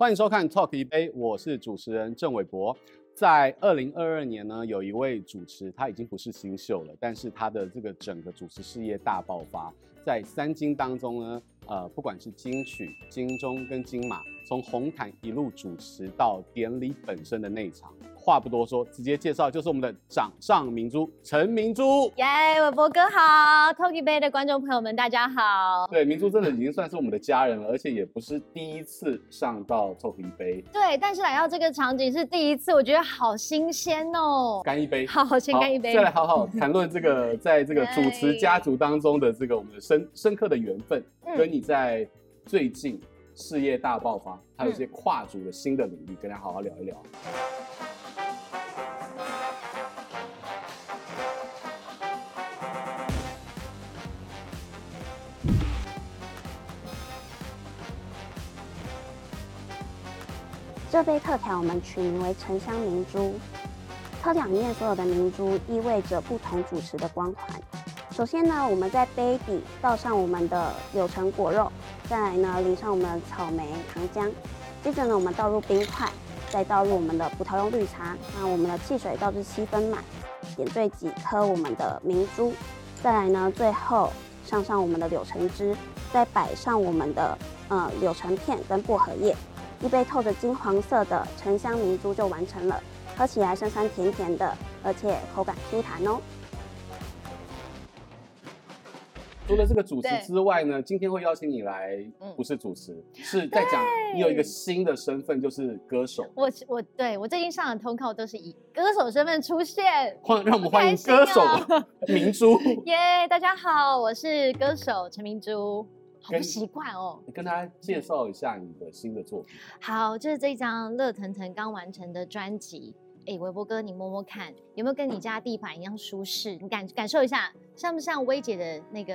歡迎收看《Talk 一杯》，我是主持人鄭偉博。在二零二二年呢，有一位主持，他已經不是新秀了，但是他的這個整個主持事業大爆發，在三金當中呢，呃，不管是金曲、金鐘跟金馬。從紅毯一路主持到典禮本身的內場，話不多說，直接介紹就是我們的掌上明珠陳明珠。耶，偉博哥好，Talking Bay 的觀眾朋友們大家好。對，明珠真的已經算是我們的家人了，而且也不是第一次上到 Talking Bay。對，但是來到這個場景是第一次，我覺得好新鮮哦。乾一杯。好好先乾一杯。再來好好談論這個， 在這個主持家族當中的這個我們的深深刻的緣分，跟你在最近。事業大爆發，還有一些跨足的新的領域，嗯、跟大家好好聊一聊。這杯特調我們取名為沉香明珠，它兩面所有的明珠意味着不同主持的光環。首先呢，我們在杯底倒上我們的柳橙果肉。再來呢，淋上我們的草莓糖漿，接着呢，我們倒入冰塊，再倒入我們的葡萄柚綠茶，那我們的汽水倒至七分滿，點綴幾顆我們的明珠，再來呢，最後上上我們的柳橙汁，再擺上我們的呃柳橙片跟薄荷葉，一杯透着金黃色的橙香明珠就完成了，喝起來酸酸甜甜的，而且口感 Q 彈哦。除了這個主持之外呢，對今天會邀請你來，不是主持，嗯、是在講你有一個新的身份，對就是歌手。我我對我最近上的通告都是以歌手身份出現，歡讓，讓我們歡迎歌手、啊、明珠。耶， yeah, 大家好，我是歌手陳明珠，好不習慣哦。跟你跟大家介紹一下你的新的作品。嗯、好，就是這一張熱騰騰剛完成的專輯。哎，微博哥，你摸摸看，有沒有跟你家地板一樣舒適？嗯、你感感受一下，像不像薇姐的那個？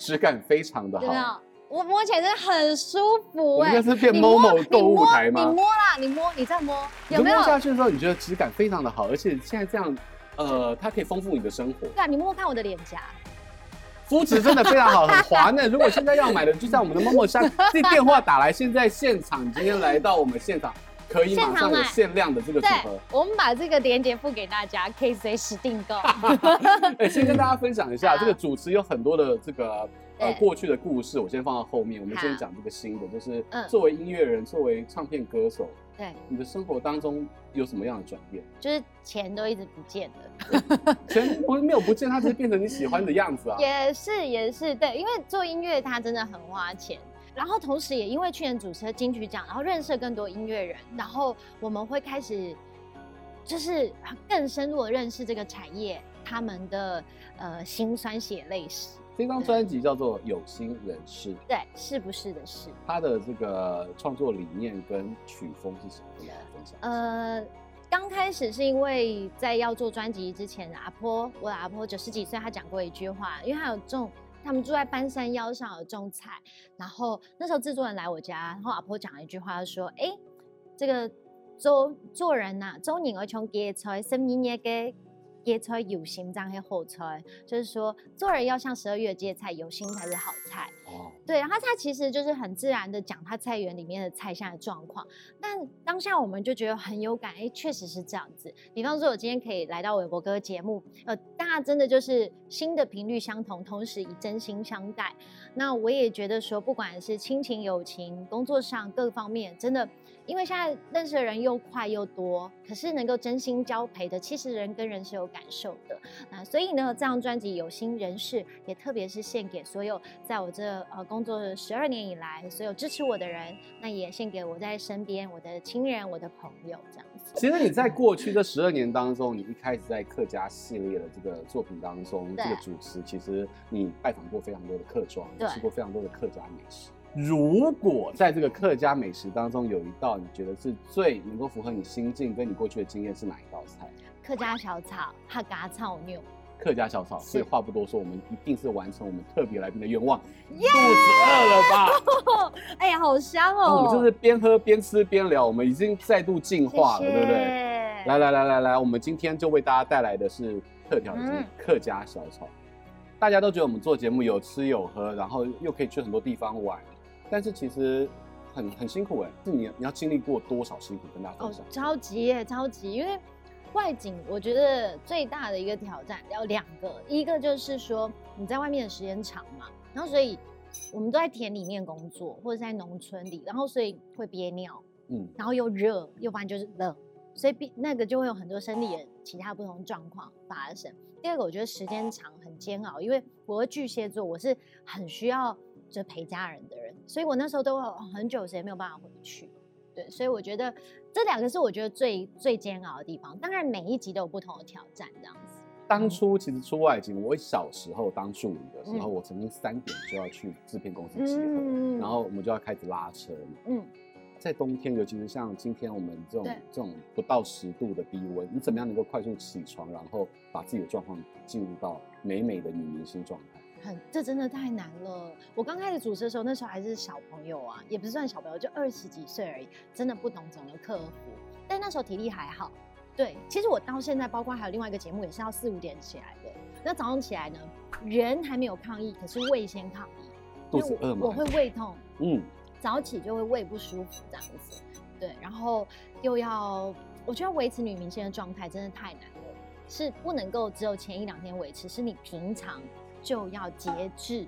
質感非常的好，有有，我摸起來真的很舒服、欸，哎摸，應該是變 MOMO 動物台嗎你？你摸啦，你摸，你再摸，有沒有？摸下去的時候，你覺得質感非常的好，而且現在這樣，呃，它可以豐富你的生活。對、啊，你摸摸看我的臉頰，膚質真的非常好，很滑嫩。 如果現在要買的，就在我們的 MOMO 上。這電話打來，現在現場，今天來到我們現場。可以馬上有限量的這個組合，我們把這個鏈接付給大家，可以隨時訂購。哎，先跟大家分享一下，好這個主持有很多的這個對呃過去的故事，我先放到後面，我們先講這個新的，好就是作為音樂人，嗯、作為唱片歌手，對，你的生活當中有什麼樣的轉變？就是錢都一直不見了，對 錢我沒有不見，它就是變成你喜歡的樣子啊。也是也是，對，因為做音樂它真的很花錢。然後，同時也因為去年主持的金曲獎，然後認識更多音樂人，然後我們會開始，就是更深入的認識這個產業，他們的呃辛酸血淚史。這張專輯叫做《有心人士》，對，是不是的事？他的這個創作理念跟曲風是什麼呢？呃，剛開始是因為在要做專輯之前，阿婆，我的阿婆九十幾歲，他講過一句話，因為他有這種。他們住在半山腰上，有種菜。然後那時候製作人來我家，然後阿婆講了一句話，說：“哎，這個周做，做人吶、啊，終於我從野菜生魚肉給。”芥菜有心，這樣去後菜，就是說做人要像十二月芥菜，有心才是好菜。哦，對，然後他其實就是很自然的講他菜園裡面的菜現在的狀況。但當下我們就覺得很有感，哎，確實是這樣子。比方說，我今天可以來到韋伯哥節目，呃，大家真的就是心的頻率相同，同時以真心相待。那我也覺得說，不管是親情、友情、工作上各方面，真的。因為現在認識的人又快又多，可是能夠真心交陪的，其實人跟人是有感受的。那所以呢，這張專輯有心人士，也特別是獻給所有在我這呃工作十二年以來所有支持我的人。那也獻給我在身邊我的親人、我的朋友，這樣子。其實你在過去這十二年當中，你一開始在客家系列的這個作品當中，對這個主持，其實你拜訪過非常多的客莊，吃過非常多的客家美食。如果在這個客家美食當中有一道你覺得是最能夠符合你心境跟你過去的經驗，是哪一道菜？客家小炒，客家炒牛。客家小炒，是所以話不多說，我們一定是完成我們特別來賓的願望。肚子餓了吧？哎呀、 欸，好香哦！嗯、我們就是邊喝邊吃邊聊，我們已經再度進化了，謝謝對不對？來來來來來，我們今天就為大家帶來的是特調的客家小炒。嗯、大家都覺得我們做節目有吃有喝，然後又可以去很多地方玩。但是其實很很辛苦哎，是你你要經歷過多少辛苦跟大家分享？超級耶，超級！因為外景，我覺得最大的一個挑戰要兩個，一個就是說你在外面的時間長嘛，然後所以我們都在田裡面工作或者在農村裡，然後所以會憋尿，嗯，然後又熱，嗯，又不然就是冷，所以那個就會有很多生理的其他不同狀況發生。第二個我覺得時間長很煎熬，因為我是巨蟹座，我是很需要。就陪家人的人，所以我那時候都很久時間沒有辦法回去，對，所以我覺得這兩個是我覺得最最煎熬的地方。當然每一集都有不同的挑戰，這樣子。當初其實出外景，我小時候當助理的時候，嗯、我曾經三點就要去製片公司集合，嗯嗯然後我們就要開始拉車嘛。嗯，就嗯在冬天，尤其是像今天我們這種對這種不到十度的低溫，你怎麼樣能夠快速起床，然後把自己的狀況進入到美美的女明星狀態？很這真的太難了。我剛開始主持的時候，那時候還是小朋友啊，也不算小朋友，就二十幾歲而已，真的不懂怎麼克服。但那時候體力還好。對，其實我到現在，包括還有另外一個節目，也是要四五點起來的。那早上起來呢，人還沒有抗議，可是胃先抗議，肚子餓嘛，因為我，我會胃痛。嗯，早起就會胃不舒服這樣子。對，然後又要，我覺得維持女明星的狀態真的太難了，是不能夠只有前一兩天維持，是你平常。就要節制，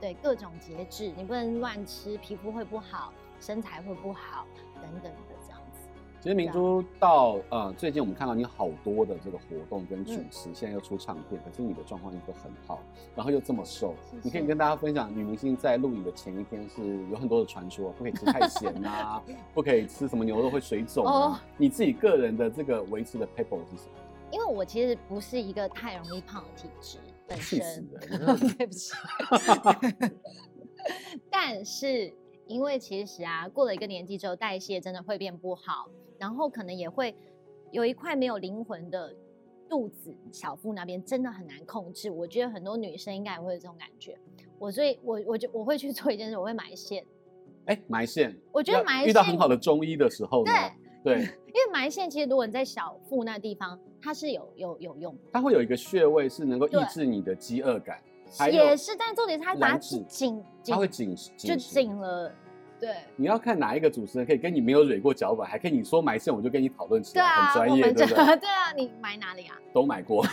對，各種節制，你不能亂吃，皮膚會不好，身材會不好，等等的這樣子。其實明珠到呃、嗯、最近我們看到你好多的這個活動跟主持，嗯、現在又出唱片，可是你的狀況又都很好，然後又這麼瘦，是是你可以跟大家分享，是是女明星在錄影的前一天是有很多的傳說，不可以吃太鹹吶、啊， 不可以吃什麼牛肉會水腫啊。哦、你自己個人的這個維持的 paper 是什麼？因為我其實不是一個太容易胖的體質。本身，氣死人！ 對不起。 但是，因為其實啊，過了一個年紀之後，代謝真的會變不好，然後可能也會有一塊沒有靈魂的肚子，小腹那邊真的很難控制。我覺得很多女生應該也會有這種感覺。我所以，我我就我會去做一件事，我會埋線。哎，埋線！我覺得埋線遇到很好的中醫的時候呢、哎。時候呢，對。對，因為埋線其實如果你在小腹那地方，它是有有有用的，它會有一個穴位是能夠抑制你的飢餓感，也是，但重點是它把緊，它會緊，就緊了。對，你要看哪一個主持人可以跟你沒有揉過腳板，還可以你說埋線我就跟你討論，對啊，很專業，對不對？對啊，你埋哪裡啊？都埋過。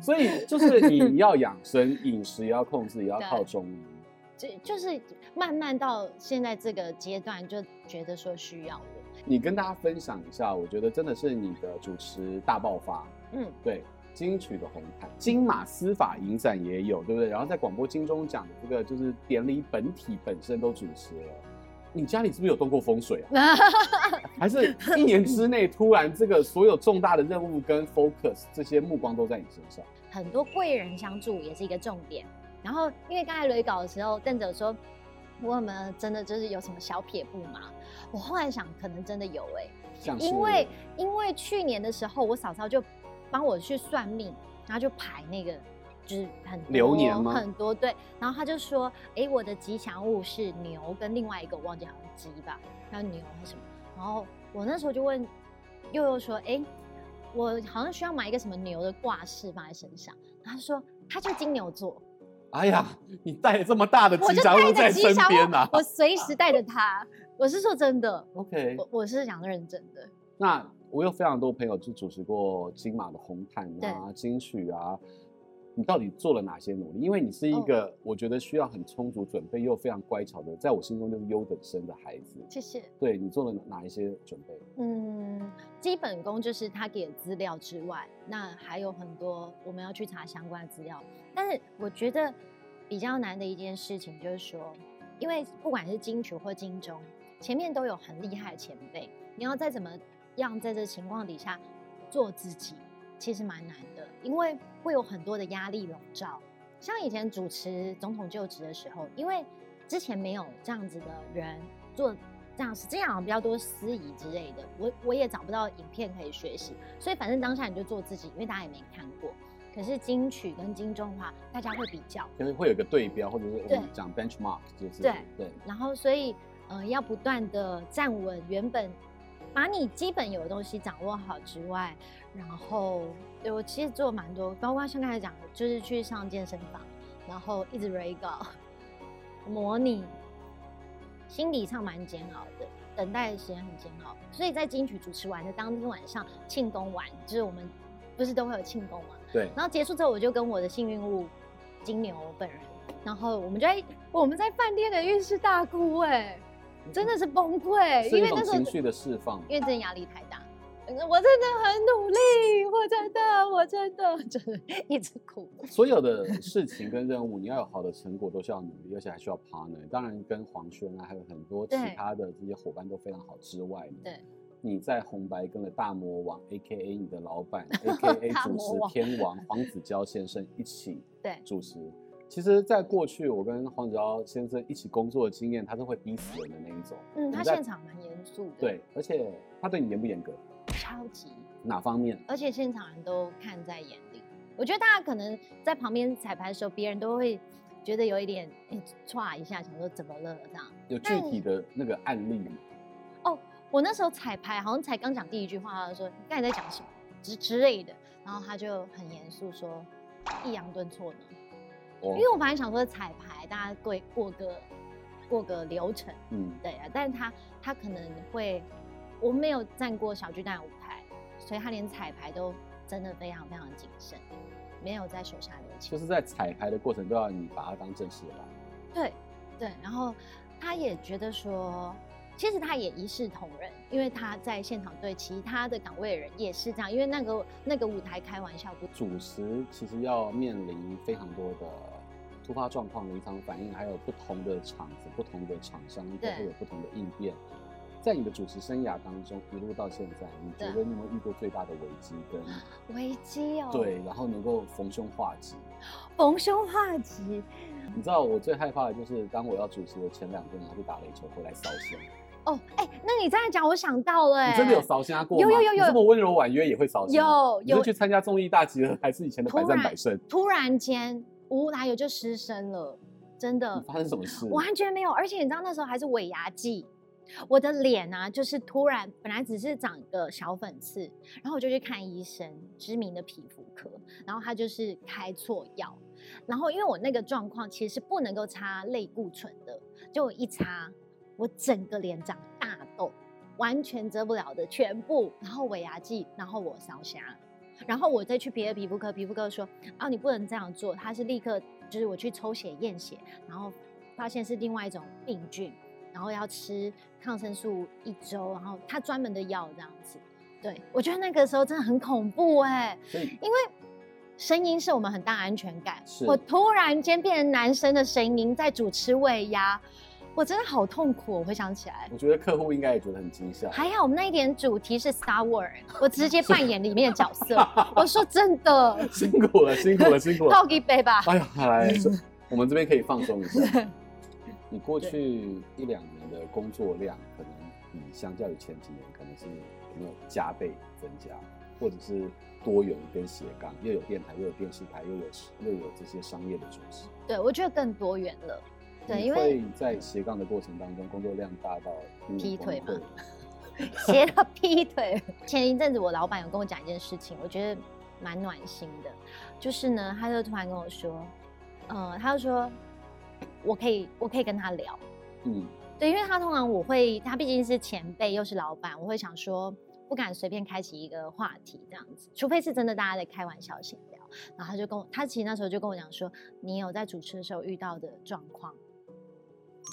所以就是你要養生，飲食也要控制，也要靠中醫，就就是。慢慢到現在這個階段，就覺得說需要我。你跟大家分享一下，我覺得真的是你的主持大爆發。嗯，對，金曲的紅毯、金馬、司法影展也有，對不對？然後在廣播金鐘獎這個就是典禮本體本身都主持了。你家裡是不是有動過風水啊？還是一年之內突然這個所有重大的任務跟 focus 這些目光都在你身上？很多貴人相助也是一個重點。然後因為剛才雷稿的時候，鄧總說。我們真的就是有什麼小撇步嗎？我後來想，可能真的有哎、欸，是因為因為去年的時候，我嫂嫂就幫我去算命，然後就排那個，就是很流年嘛，很多對，然後他就說，哎、欸，我的吉祥物是牛跟另外一個，我忘記好像雞吧，要牛還是什麼？然後我那時候就問又又說，哎、欸，我好像需要買一個什麼牛的掛飾放在身上，他說他就金牛座。哎呀，你帶這麼大的吉祥物在身邊吶、啊！我隨時帶着它，我是說真的。OK，我我是想認真的。那我有非常多朋友就主持過金馬的紅毯啊、對金曲啊。你到底做了哪些努力？因為你是一個我覺得需要很充足準備又非常乖巧的，在我心中就是優等生的孩子。謝謝。對，你做了哪一些準備？嗯，基本功就是他給的資料之外，那還有很多我們要去查相關的資料。但是我覺得比較難的一件事情就是說，因為不管是金曲或金鐘，前面都有很厲害的前輩，你要再怎麼樣，在這情況底下做自己，其實蠻難的。因為會有很多的壓力籠罩，像以前主持總統就職的時候，因為之前沒有這樣子的人做這樣，是這樣比較多司儀之類的，我我也找不到影片可以學習，所以反正當下你就做自己，因為大家也沒看過。可是金曲跟金鐘的話，大家會比較，就是會有個對標，或者是我們講 benchmark 這些，對。是對。然後所以、呃、要不斷的站穩原本，把你基本有的東西掌握好之外，然後對，我其實做蠻多，包括像剛才講的，就是去上健身房，然後一直 re go，模擬，心理上蠻煎熬的，等待的時間很煎熬。所以在金曲主持完的當天晚上，慶功晚就是我們不是都會有慶功嘛？對。然後結束之後，我就跟我的幸運物金牛我本人，然後我們就在我們在飯店的浴室大哭哎、欸。真的是崩潰，嗯、因為那一種情緒的釋放，因為這壓力太大。我真的很努力，我真的，我真的，真的、就是、一直哭。所有的事情跟任務， 你要有好的成果，都需要努力，而且還需要 partner 當然，跟黃軒啊，還有很多其他的這些伙伴都非常好之外呢，對，你在紅白跟了大魔王 （A K A 你的老闆，A K A 主持天王黃子佼先生）一起對主持。 其實，在過去我跟黃子佼先生一起工作的經驗，他是會逼死人的那一種。嗯，他現場蠻嚴肅的。對，而且他對你嚴不嚴格？超級。哪方面？而且現場人都看在眼裡。我覺得大家可能在旁邊彩排的時候，別人都會覺得有一點誒、欸、一下，想說怎麼了這樣。有具體的那個案例嗎？但哦，我那時候彩排好像才剛講第一句話，他就說你剛才在講什麼之之類的，然後他就很嚴肅說，抑揚頓挫呢。Oh. 因為我反正想說彩排，大家過過個過個流程，嗯，對啊，但是他他可能會，我沒有站過小巨蛋舞台，所以他連彩排都真的非常非常謹慎，沒有在手下留情，就是在彩排的過程都要你把它當正式的吧，對對，然後他也覺得說。其實他也一視同仁，因為他在現場對其他的崗位的人也是這樣。因為那個那個舞台開玩笑不主持，其實要面臨非常多的突發狀況、臨場反應，還有不同的場子、不同的廠商都會對有不同的應變。在你的主持生涯當中，一路到現在，你覺得你有沒有遇過最大的危機跟危機哦？對,對，然後能夠逢凶化吉，逢凶化吉。你知道我最害怕的就是當我要主持的前兩天，他去打壘球回來燒聲。哦，哎、oh, 欸，那你這樣講，我想到了、欸，哎，你真的有傷心、啊、過有有有有，這麼溫柔婉約也會傷心、啊有？有有，你是去參加綜藝大集合，了，還是以前的百戰百勝？突然間，無來由就失聲了，真的。發生什麼事？我完全沒有，而且你知道那時候還是尾牙季，我的臉啊，就是突然本來只是長一個小粉刺，然後我就去看醫生，知名的皮膚科，然後他就是開錯藥，然後因為我那個狀況其實是不能夠擦類固醇的，就我一擦。我整個臉長大痘，完全遮不了的全部，然後尾牙季，然後我燒聲，然後我再去別的皮膚科，皮膚科說啊，你不能這樣做，他是立刻就是我去抽血驗血，然後發現是另外一種病菌，然後要吃抗生素一周，然後他專門的藥這樣子。對，我覺得那個時候真的很恐怖哎、欸，對因為聲音是我們很大的安全感，是我突然間變成男生的聲音在主持尾牙。我真的好痛苦，我回想起來。我覺得客戶應該也覺得很驚嚇。還好我們那一點主題是 Star Wars，我直接扮演裡面的角色。是 我說真的，辛苦了，辛苦了，辛苦了。倒一杯吧。哎呀、嗯，我們這邊可以放鬆一下。對你過去一兩年的工作量，可能比相較於前幾年，可能是有，有，沒有加倍增加，或者是多元跟斜槓，又有電台，又有電視台，又有又有這些商業的組織。對，我覺得更多元了。對，因為在斜槓的過程當中，工作量大到劈腿嘛， 斜到劈腿。 前一陣子我老板有跟我講一件事情，我覺得蠻暖心的，就是呢，他就突然跟我說，呃，他就說我可以，我可以跟他聊。嗯，對，因為他通常我會，他畢竟是前輩又是老板，我會想說不敢隨便開啟一個話題這樣子，除非是真的大家在開玩笑閒聊。然後他就跟我，他其實那時候就跟我講說，你有在主持的時候遇到的狀況，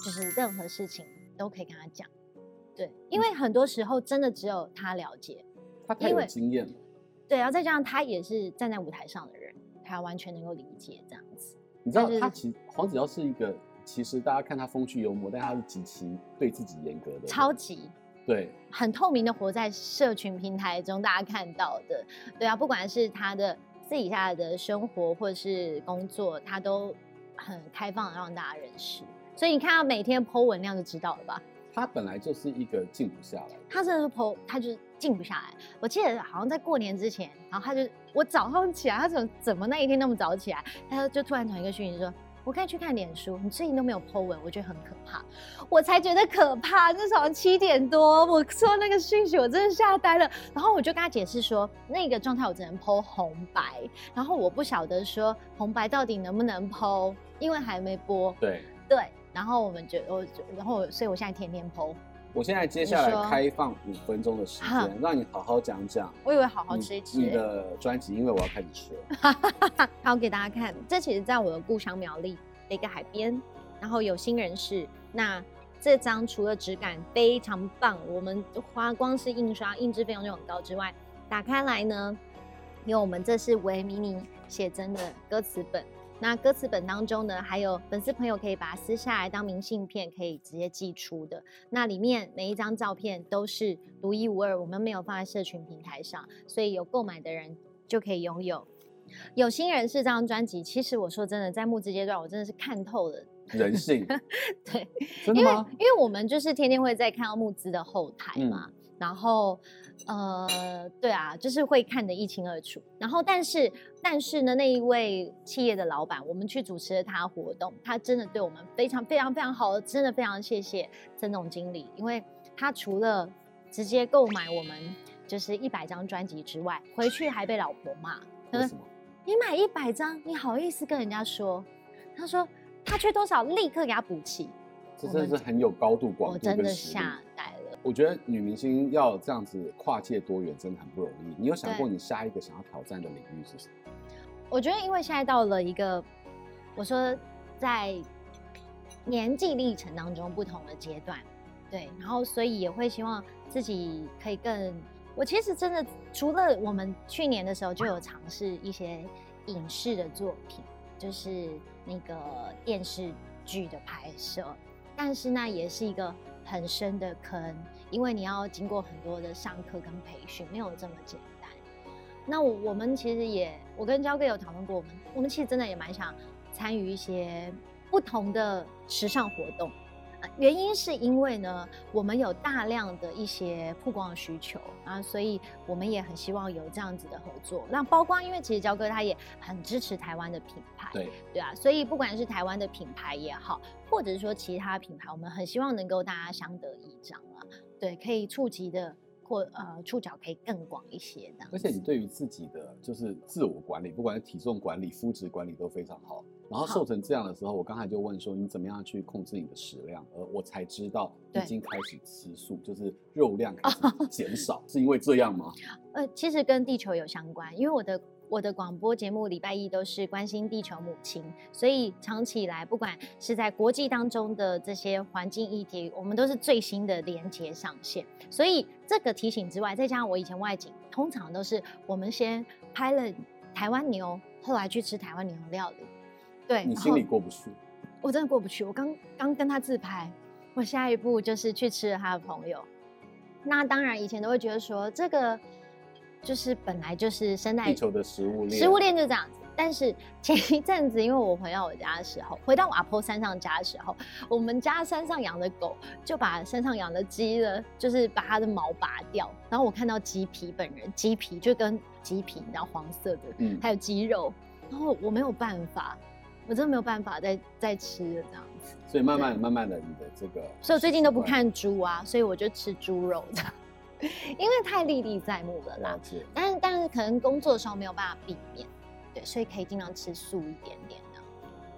就是任何事情都可以跟他講，對，因為很多時候真的只有他了解，他才有經驗，對，然後再加上他也是站在舞台上的人，他完全能夠理解這樣子。你知道他，其黃子佼是一個，其實大家看他風趣幽默，但是他是極其對自己嚴格的，超級對，很透明的活在社群平台中，大家看到的，對啊，不管是他的私底下的生活或是工作，他都。很開放，讓大家認識，是的 所以你看他每天 PO 文量就知道了吧？他本來就是一個靜不下來，他真的是 PO，他就是靜不下來。我記得好像在過年之前，然後他就我早上起來，他怎麼怎麼那一天那麼早起來？他就突然傳一個訊息說。我可以去看臉書，你最近都沒有 po 文，我覺得很可怕。我才覺得可怕，早上七點多，我收到那個訊息，我真的嚇呆了。然後我就跟他解釋說，那個狀態我只能 po 紅白，然後我不曉得說紅白到底能不能 po，因為還沒播。對對，然後我們就我就，然後所以我現在天天 po。我現在接下來開放五分鐘的時間，你啊、讓你好好講講。我以為好好吃一吃你，你的專輯，因為我要開始吃了。 好，給大家看，這其實在我的故鄉苗栗的一個海邊，然後有心人士，那這張除了質感非常棒，我們花光是印刷印制費用就很高之外，打開來呢，因為我們這是為迷你寫真的歌詞本。那歌詞本當中呢，還有粉絲朋友可以把它撕下來當明信片，可以直接寄出的。那裡面每一張照片都是獨一無二，我們沒有放在社群平台上，所以有購買的人就可以擁有。有心人是這張專輯。其實我說真的，在募資階段，我真的是看透了人性。 對，真的嗎？因為，因為我們就是天天會在看到募資的後台嘛。嗯然後，呃，對啊，就是會看得一清二楚。然後，但是，但是呢，那一位企業的老闆，我們去主持了他活動，他真的對我們非常非常非常好，真的非常謝謝鄭總經理，因為他除了直接購買我們就是一百張專輯之外，回去還被老婆罵。他說什麼？你買一百張，你好意思跟人家說？他說他缺多少，立刻給他補齊。這真的是很有高度廣度，我真的嚇。我覺得女明星要這樣子跨界、多元，真的很不容易。你有想過你下一個想要挑戰的領域是什麼？我覺得，因為現在到了一個，我說在年紀歷程當中不同的階段，對，然後所以也會希望自己可以更。我其實真的，除了我們去年的時候就有嘗試一些影視的作品，就是那個電視劇的拍攝，但是那也是一個。很深的坑，因為你要經過很多的上課跟培訓，沒有這麼簡單。那我我們其實也，我跟佼哥有討論過，我們我們其實真的也蠻想參與一些不同的時尚活動。原因是因為呢，我們有大量的一些曝光需求啊，所以我們也很希望有這樣子的合作。那包括因為其實焦哥他也很支持台灣的品牌。對對啊，所以不管是台灣的品牌也好，或者是說其他品牌，我們很希望能夠大家相得益彰啊，對，可以觸及的。或、呃、觸角可以更廣一些的。而且你對於自己的就是自我管理，不管是體重管理、膚質管理都非常好。然後瘦成這樣的時候，好我剛才就問說你怎麼樣去控制你的食量，而我才知道已經開始吃素，對就是肉量開始減少，哦、是因為這樣嗎？呃，其實跟地球有相關，因為我的。我的廣播節目禮拜一都是關心地球母親，所以長期以來，不管是在國際當中的這些環境議題，我們都是最新的連接上線。所以這個提醒之外，再加上我以前外景，通常都是我們先拍了台灣牛，後來去吃台灣牛料理。對，你心裡過不去，我真的過不去。我剛剛跟他自拍，我下一步就是去吃了他的朋友。那當然，以前都會覺得說這個。就是本來就是生態地球的食物鏈，食物鏈就這樣子。但是前一陣子，因為我回到我家的時候，回到瓦坡山上家的時候，我們家山上養的狗就把山上養的雞呢，就是把它的毛拔掉。然後我看到雞皮本人，雞皮就跟雞皮，然後黃色的，嗯，還有雞肉。然後我沒有辦法，我真的沒有辦法再再吃了這樣子。所以慢慢慢慢的你的這個，所以我最近都不看豬啊，所以我就吃豬肉的。因為太歷歷在目了，那但是但是，但是可能工作的時候沒有辦法避免，對，所以可以儘量吃素一點點的。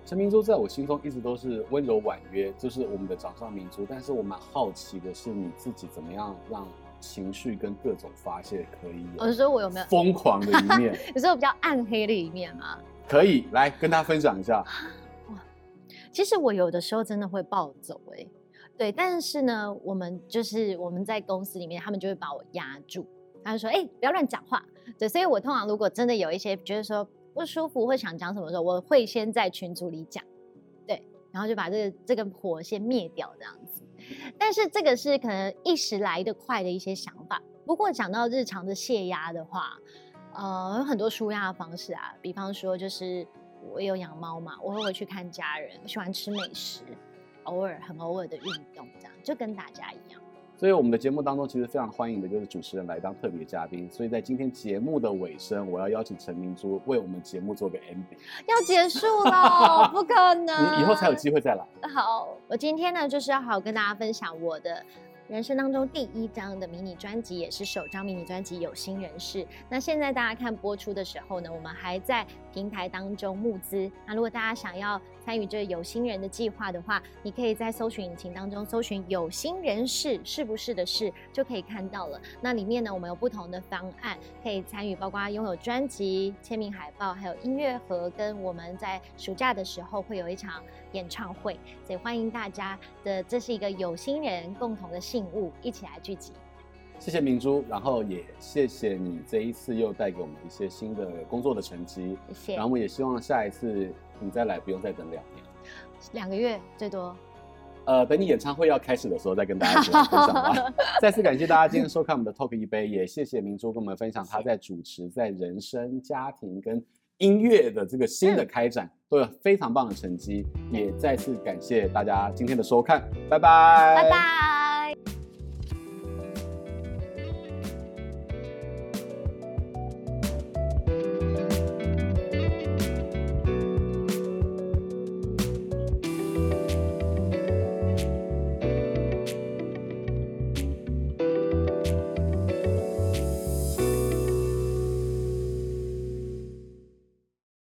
陳明珠在我心中一直都是溫柔婉約，就是我們的掌上明珠。但是我蠻好奇的是，你自己怎麼樣讓情緒跟各種發洩可以？我是說我有沒有瘋狂的一面？我說我有時候 比較暗黑的一面嗎？可以來跟大家分享一下。哇，其實我有的時候真的會暴走哎、欸。對，但是呢，我們就是我們在公司裡面，他們就會把我壓住，他就說：“哎，不要亂講話。”對，所以我通常如果真的有一些覺得說不舒服或想講什麼時候，我會先在群組裡講，對，然後就把這個這個火先滅掉這樣子。但是這個是可能一時來得快的一些想法。不過講到日常的洩壓的話，呃，有很多舒壓的方式啊，比方說就是我有養貓嘛，我會回去看家人，我喜歡吃美食。偶爾很偶爾的運動，這樣就跟大家一樣。所以我們的節目當中，其實非常歡迎的就是主持人來當特別嘉賓。所以在今天節目的尾聲，我要邀請陳明珠為我們節目做個 MV。要結束了 不可能，以後才有機會再來。好，我今天呢就是要好好跟大家分享我的。人生當中第一張的迷你專輯，也是首張迷你專輯《有心人士》。那現在大家看播出的時候呢，我們還在平台當中募資。那如果大家想要參與這有心人的計劃的話，你可以在搜尋引擎當中搜尋“有心人士”是不是的事，就可以看到了。那裡面呢，我們有不同的方案可以參與，包括擁有專輯簽名海報，還有音樂盒，跟我們在暑假的時候會有一場演唱會，所以歡迎大家的，這是一個有心人共同的心。物一起來聚集，謝謝明珠，然後也謝謝你這一次又帶給我們一些新的工作的成績，謝謝。然後我們也希望下一次你再來不用再等兩年，兩個月最多。呃，等你演唱會要開始的時候再跟大家分享。 再次感謝大家今天收看我們的 Top 一杯，也謝謝明珠跟我們分享她在主持在人生家庭跟音樂的這個新的開展，嗯、都有非常棒的成績。嗯、也再次感謝大家今天的收看，嗯、拜拜，拜拜。